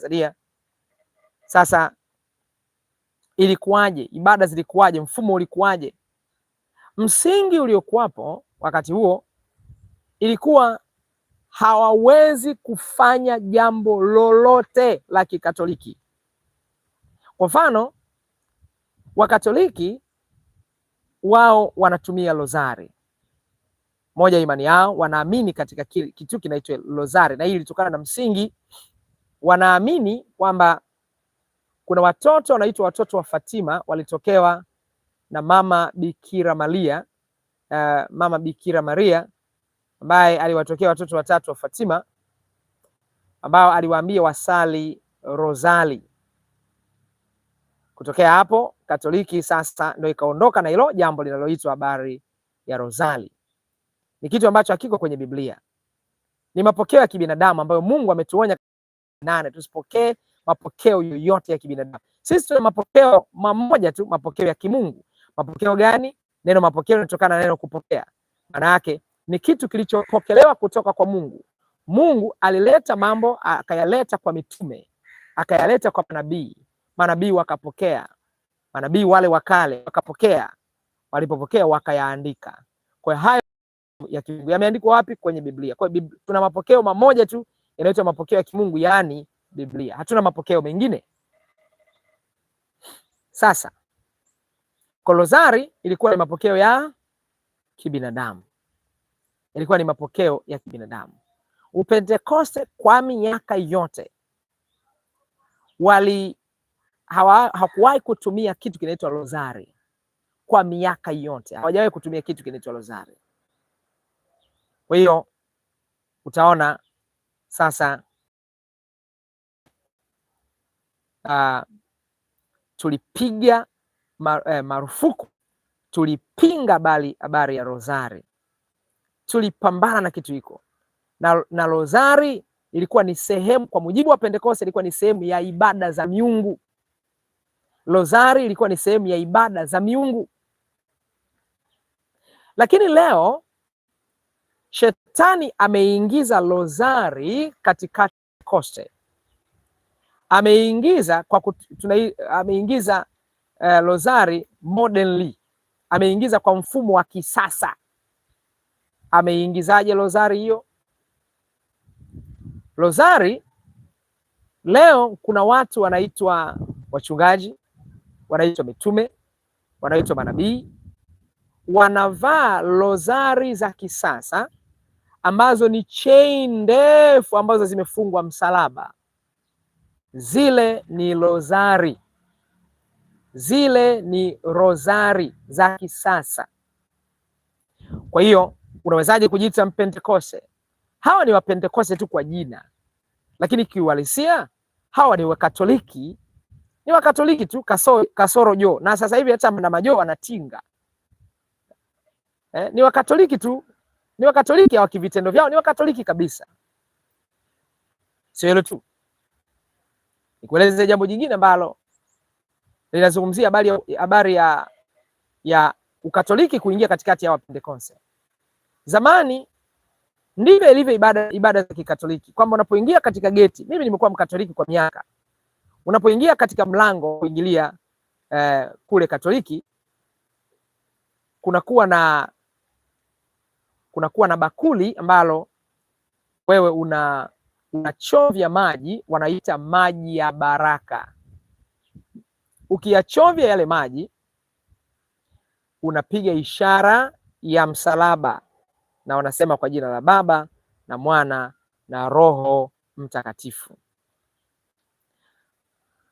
Tanzania. Sasa ilikuwaje? Ibada zilikuwaje? Mfumo ulikuwaje? Msingi uliokuwapo wakati huo ilikuwa hawawezi kufanya jambo lolote la Kikatoliki. Kwa mfano, Wakatoliki wao wanatumia lozari moja, imani yao, wanaamini katika kitu kinaitwa lozari, na hii ilitokana na msingi wanaamini kwamba kuna watoto wanaitwa watoto wa Fatima walitokewa na mama Bikira Maria, uh, mama Bikira Maria ambaye aliwatokea watoto watatu wa Fatima ambao aliwaambia wasali rozali. Kutokea hapo Katoliki sasa ndio ikaondoka na hilo jambo linaloitwa habari ya rozali. Ni kitu ambacho hakiko kwenye Biblia, ni mapokeo ya kibinadamu ambayo Mungu ametuonya nane, tusipokee mapokeo yoyote ya kibinadamu. Sisi tuna mapokeo mamoja tu, mapokeo ya kimungu. Mapokeo gani? Neno mapokeo linatokana na neno kupokea, maana yake ni kitu kilichopokelewa kutoka kwa Mungu. Mungu alileta mambo, akayaleta kwa mitume, akayaleta kwa manabii. Manabii wakapokea, manabii wale wa kale wakapokea, walipopokea wakayaandika. Kwa hiyo hayo yameandikwa wapi? Kwenye Biblia. Kwa hiyo tuna mapokeo mamoja tu inaitwa mapokeo ya kimungu, yaani Biblia. Hatuna mapokeo mengine. Sasa Kolozari ilikuwa ni mapokeo ya kibinadamu, ilikuwa ni mapokeo ya kibinadamu. Upentekoste kwa miaka yote wali hakuwahi kutumia kitu kinaitwa rozari. Kwa miaka yote hawajawahi kutumia kitu kinaitwa rozari. Kwa hiyo utaona sasa uh, tulipiga mar, eh, marufuku, tulipinga bali habari ya rozari, tulipambana na kitu hiko na, na rozari ilikuwa ni sehemu, kwa mujibu wa Pentekoste, ilikuwa ni sehemu ya ibada za miungu. Rozari ilikuwa ni sehemu ya ibada za miungu, lakini leo shet Shetani ameingiza lozari katikati koste, ameingiza kwa kutuna, ameingiza uh, lozari modernly, ameingiza kwa mfumo wa kisasa. Ameingizaje lozari hiyo? Lozari leo kuna watu wanaitwa wachungaji, wanaitwa mitume, wanaitwa manabii, wanavaa lozari za kisasa ambazo ni chain ndefu ambazo zimefungwa msalaba, zile ni rozari, zile ni rozari za kisasa. Kwa hiyo unawezaje kujiita Mpentekoste? Hawa ni Wapentekoste tu kwa jina, lakini kiuhalisia hawa ni Wakatoliki, ni Wakatoliki tu kasoro, kasoro joo. Na sasa hivi hata na majoo wanatinga eh, ni Wakatoliki tu ni Wakatoliki, hawa kivitendo vyao ni Wakatoliki kabisa. Sio hilo tu, nikueleze jambo jingine ambalo linazungumzia habari habari ya ya ukatoliki kuingia katikati ya Wapentekoste. Zamani ndivyo ilivyo ibada ibada za Kikatoliki, kwamba unapoingia katika geti, mimi nimekuwa Mkatoliki kwa miaka, unapoingia katika mlango kuingilia eh, kule Katoliki kunakuwa na kunakuwa na bakuli ambalo wewe una unachovya maji, wanaita maji ya baraka. Ukiyachovya yale maji, unapiga ishara ya msalaba, na wanasema kwa jina la Baba na Mwana na Roho Mtakatifu.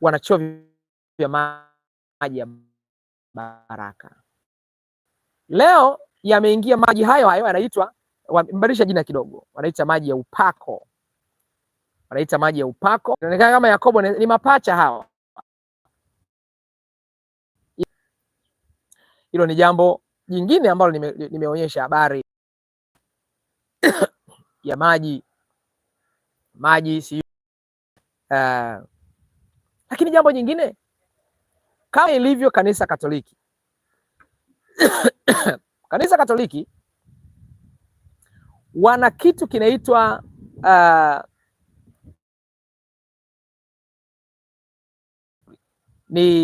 Wanachovya maji ya baraka. Leo yameingia maji hayo hayo yanaitwa, wamebadilisha jina kidogo, wanaita maji ya upako, wanaita maji ya upako. Inaonekana kama Yakobo ni mapacha hawa. Hilo ni jambo jingine ambalo nime, nimeonyesha habari ya maji maji si uh, lakini jambo jingine kama ilivyo kanisa Katoliki Kanisa Katoliki wana kitu kinaitwa uh, ni